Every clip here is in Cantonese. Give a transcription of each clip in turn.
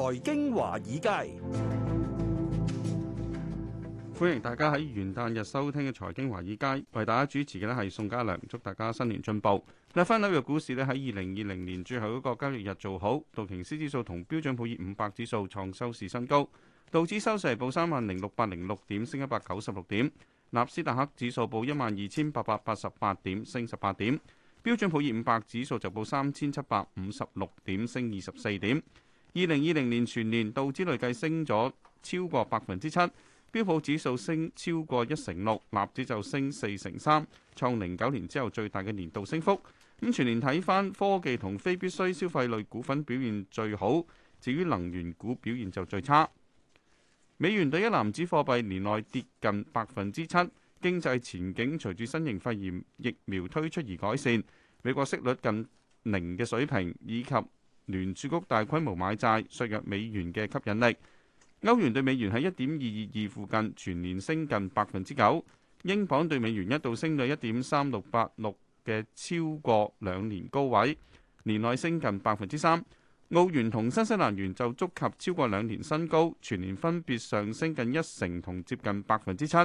財經華爾街，歡迎大家喺元旦日收聽嘅財經華爾街，為大家主持嘅呢係宋家良，祝大家新年進步。立翻紐約股市呢，喺二零二零年最後一個交易日做好，道瓊斯指數同標準普爾五百指數創收市新高，道指收市係報三萬零六百零六點，升一百九十六點；納斯達克指數報一萬二千八百八十八點，升十八點；標準普爾五百指數就報三千七百五十六點，升二十四點。二零二零年全年道指累計升咗超過百分之七，標普指數升超過一成六，納指就升四成三，創零九年之後最大嘅年度升幅。咁全年睇返，科技同非必需消費類股份表現最好，至於能源股表現就最差。美元兌一籃子貨幣年內跌近百分之七，經濟前景隨住新型肺炎疫苗推出而改善，美國息率近零嘅水平以及聯儲局大規模買債削弱美元嘅吸引力，歐元對美元喺一點二二二附近，全年升近百分之九；英鎊對美元一度升到一點三六八六嘅超過兩年高位，年內升近百分之三。澳元同新西蘭元就觸及超過兩年新高，全年分別上升近一成同接近百分之七。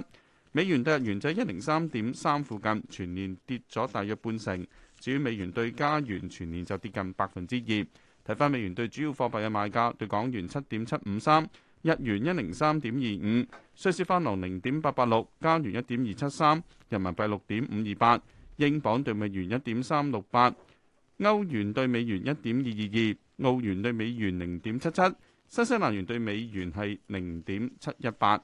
美元對日元就一零三點三附近，全年跌咗大約半成。至於美元對加元，全年就跌近百分之二。睇翻美元對主要貨幣嘅買價，對港元七點七五三，日元一零三點二五，瑞士法郎零點八八六，加元一點二七三，人民幣六點五二八，英鎊對美元一點三六八，歐元對美元一點二二二，澳元對美元零點七七，新西蘭元對美元係零點七一八。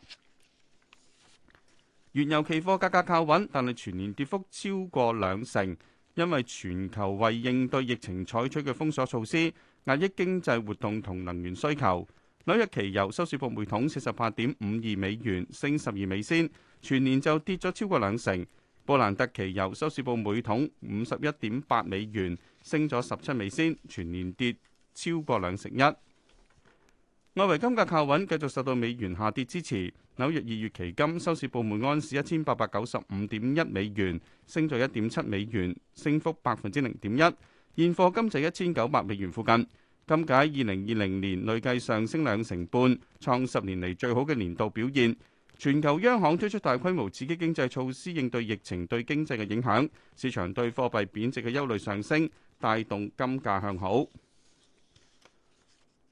原油期貨價格靠穩，但係全年跌幅超過兩成，因為全球為應對疫情採取嘅封鎖措施。壓抑經濟活動同能源需求。紐約期油收市報每桶四十八點五二美元，升十二美仙，全年就跌咗超過兩成。布蘭特期油收市報每桶五十一點八美元，升咗十七美仙，全年跌超過兩成一。外圍金價靠穩，繼續受到美元下跌支持。紐約二月期金收市報每安士一千八百九十五點一美元，升咗一點七美元，升幅百分之零點一。現貨金值一千九百美元附近，金價二零二零年累計上升兩成半，創十年嚟最好嘅年度表現。全球央行推出大規模刺激經濟措施應對疫情對經濟嘅影響，市場對貨幣貶值嘅憂慮上升，帶動金價向好。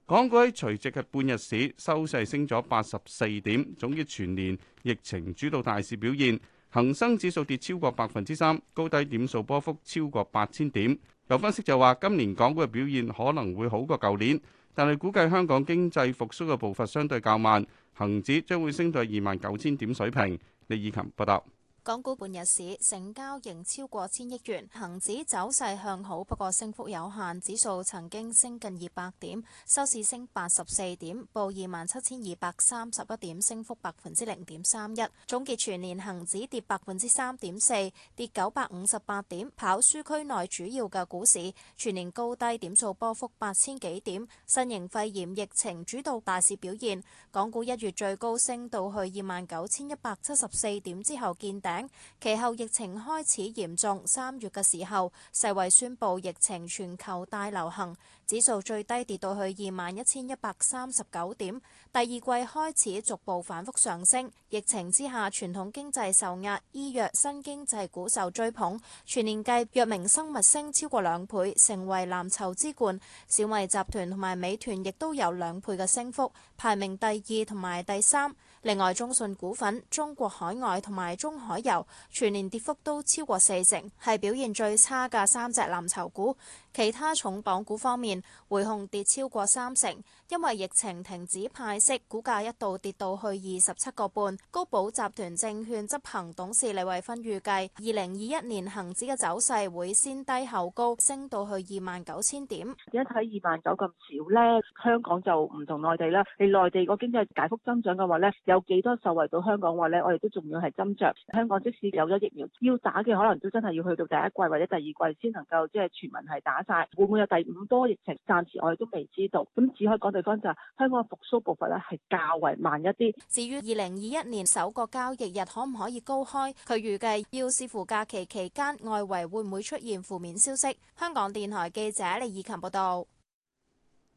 港股除夕嘅半日市收市升咗八十四點，總結全年疫情主導大市表現。恒生指數跌超過百分之三，高低點數波幅超過八千點。有分析就話，今年港股嘅表現可能會好過舊年，但係估計香港經濟復蘇嘅步伐相對較慢，恒指將會升到二萬九千點水平。李以琴報道。港股半日市成交仍超過千億元，恒指走勢向好，不過升幅有限，指數曾經升近二百點，收市升八十四點，報二萬七千二百三十一點，升幅百分之零點三一。總結全年恒指跌百分之三點四，跌九百五十八點，跑輸區內主要嘅股市，全年高低點數波幅八千幾點。新型肺炎疫情主導大市表現，港股一月最高升到去二萬九千一百七十四點之後見頂。其後疫情開始嚴重，三月嘅時候世衛宣佈疫情全球大流行，指數最低跌到去二萬一千一百三十九點。第二季開始逐步反覆上升，疫情之下傳統經濟受壓，醫藥新經濟股受追捧。全年計藥明生物升超過兩倍，成為藍籌之冠。小米集團同埋美團亦都有兩倍嘅升幅，排名第二同埋第三。另外，中信股份、中國海外同埋中海油全年跌幅都超過四成，係表現最差嘅三隻藍籌股。其他重磅股方面，匯控跌超過三成，因為疫情停止派息，股價一度跌到去二十七個半。高寶集團證券執行董事李慧芬預計，二零二一年恆指嘅走勢會先低後高，升到去二萬九千點。點解睇二萬九咁少咧？香港就唔同內地啦，係內地個經濟大幅增長嘅話咧。有幾多受惠到香港話呢？我哋都仲要係斟酌。香港即使有咗疫苗要打嘅，可能都真係要去到第一季或者第二季先能夠即係全民係打晒。會唔會有第五波疫情？暫時我哋都未知道。咁只可以講對方就香港嘅復甦步伐咧係較為慢一啲。至於二零二一年首個交易日可唔可以高開？佢預計要視乎假期期，期間外圍會唔會出現負面消息。香港電台記者李以琴報道。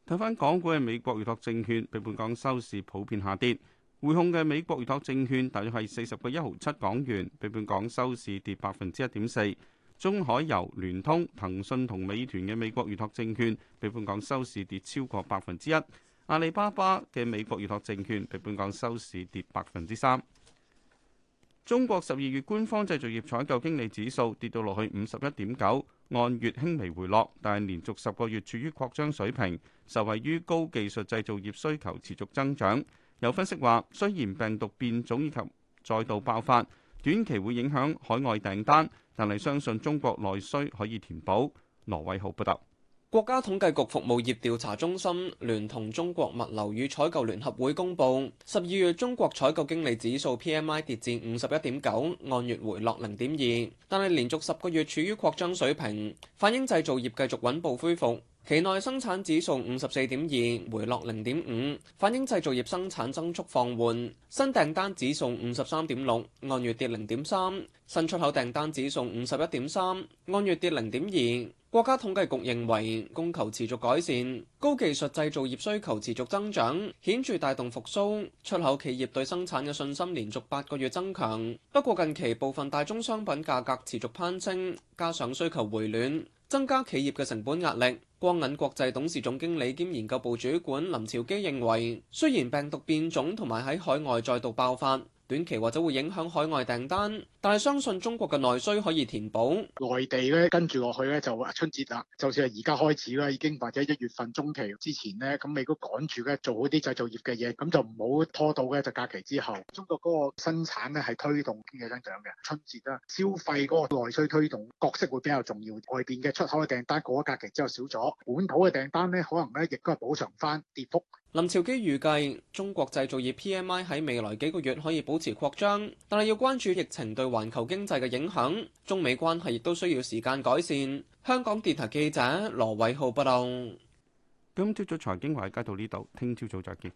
睇翻港股嘅美國預託證券，比本港收市普遍下跌。匯控嘅美國預託證券大約係四十個一毫七港元，比本港收市跌百分之一點四。中海油、聯通、騰訊同美團嘅美國預託證券比本港收市跌超過百分之一。阿里巴巴嘅美國預託證券比本港收市跌百分之三。中國十二月官方製造業採購經理指數跌到落去五十一點九，按月輕微回落，但係連續十個月處於擴張水平，受惠於高技術製造業需求持續增長。有分析話，雖然病毒變種以及再度爆發，短期會影響海外訂單，但係相信中國內需可以填補。羅偉豪報道，國家統計局服務業調查中心聯同中國物流與採購聯合會公佈，十二月中國採購經理指數 PMI 跌至五十一點九，按月回落零點二，但係連續十個月處於擴張水平，反映製造業繼續穩步恢復。期內生產指數五十四點二，回落零點五，反映製造業生產增速放緩。新訂單指數五十三點六，按月跌零點三。新出口訂單指數五十一點三，按月跌零點二。國家統計局認為，供求持續改善，高技術製造業需求持續增長，顯著帶動復甦。出口企業對生產嘅信心連續八個月增強。不過，近期部分大宗商品價格持續攀升，加上需求回暖，增加企業嘅成本壓力。光銀國際董事總經理兼研究部主管林朝基認為，雖然病毒變種同埋喺海外再度爆發，短期或者會影響海外訂單，但係相信中國嘅內需可以填補。內地咧跟住落去咧就春節啦，就算係而家開始啦，已經或者一月份中期之前咧，咁你都趕住咧做好啲製造業嘅嘢，咁就唔好拖到咧就假期之後。中國嗰個生產咧係推動經濟增長嘅，春節啦消費嗰個內需推動角色會比較重要。外邊嘅出口嘅訂單過咗假期之後少咗，本土嘅訂單咧可能咧亦都係補償翻跌幅。林朝基預計中國製造業 P M I 喺未來幾個月可以保持擴張，但係要關注疫情對環球經濟嘅影響。中美關係亦都需要時間改善。香港電台記者羅偉浩報道。今朝早財經華爾街到呢度，聽朝早再見。